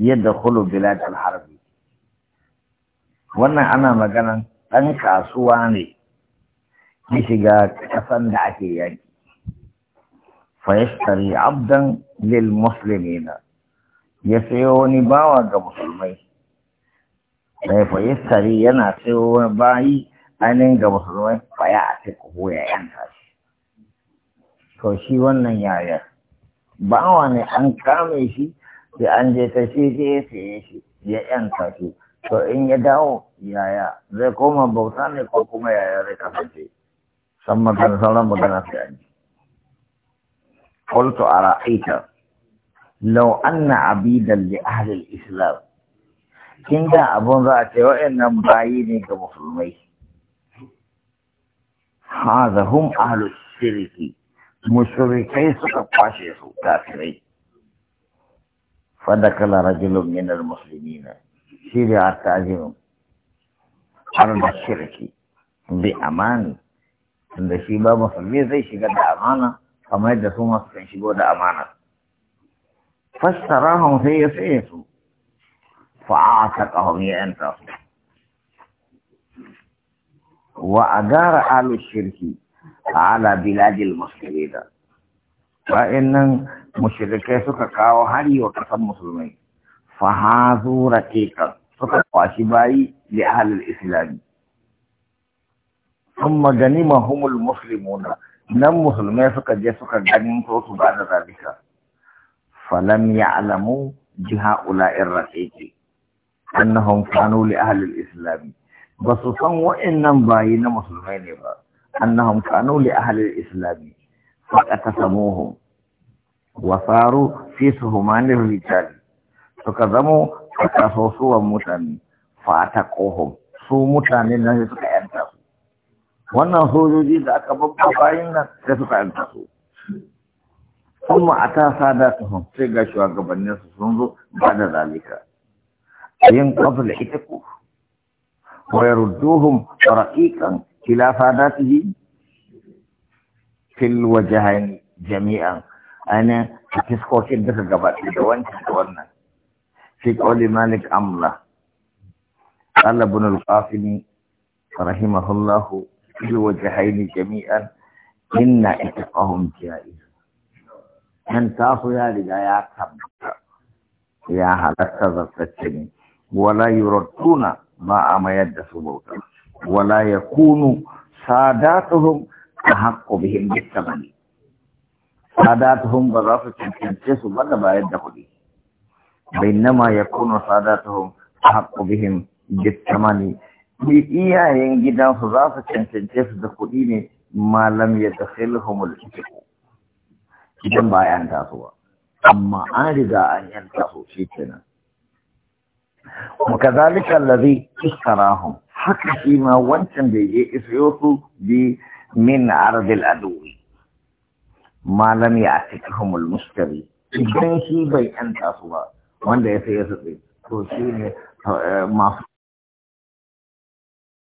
yadkhulu bilad al-harb wannan ana maganan ɗan kasuwa ne ya shiga ƙasan da ake yaki fa yashtari abdan lil muslimina ya sayo wani bawa ga musulmai sai fa yashtari yana sayo wani bayi ainihin ga musulmai fa ya ake kuhu ya yanka shi to shi wannan yaya bawa ne an kame shi sai an je ta shi je siye shi ya yanka shi to in ya dawo yaya zai koma bauta ne ko kuma yaya zai kasance san magana sauran magana sai an ji قلت أرأيت لو أن li لأهل الإسلام kin da abun za a ce wa'annan bayi ne ga musulmai Ha hum ahlus shirki mushrikai suka kwashe su kafirai فدخل رجل من المسلمين har التعظيم shirki, الشرك amani, tunda shi ba musulmi zai shiga da amana kamar yadda su masu kan shigo da amana fassara hun sai ya saye su fa'a ta ƙahon ya yanta su wa a gara alu shirki ala biladil musulmi da فإنن مشركي سكا كاو هاري وكسب مسلمين فهذو رقيقا سكا واشباي لأهل الإسلام ثم هم المسلمون نم مسلمين سكا جسكا جنيم توسو بعد ذلك فلم يعلموا جهة أولئي الرقيق أنهم كانوا لأهل الإسلام بس سنو إنن مسلمين با. أنهم كانوا لأهل الإسلام Wasaru fi فاقتسموهم وصاروا في سهمان الرجال فكذموا فكسوسوا متن فاتقوهم su mutanen nan suka yanta su wannan sojoji da aka babba bayan nan sai suka yanta su kuma a ta sada ta hun sai ga shugabannin su sun zo ba da zalika yin qabla ita ku wa yarduhum raqiqan khilafa datihi fil wajahan jami'an ana fiskokin duka gaba da wancan da wannan fi qawli malik amla qala ibn al-qasim rahimahullah fil wajahain jami'an inna itqahum jaiz man tafu ya riga ya tabbata ya halatta zartacce ne wala yuraduna ba a mayar da su bauta wala yakunu sadatuhum يستحق بهم بالثمن ساداتهم بضافة تنسيس بغبا يدخلي بينما يكون ساداتهم حق بهم بالثمن بيئيا ينجد ضعف تنسيس دخليني ما لم يدخلهم الاشتراك كتن با ينتاسوا أما أرد أن ينتاسوا شيئا وكذلك الذي اشتراهم حق فيما وانتم بيئي اسعوثوا بيئي min ardil aduwi ma lam ya'tikahum al idan shi bai yanta su ba wanda ya sai ya tsaye to shi ne eh, masu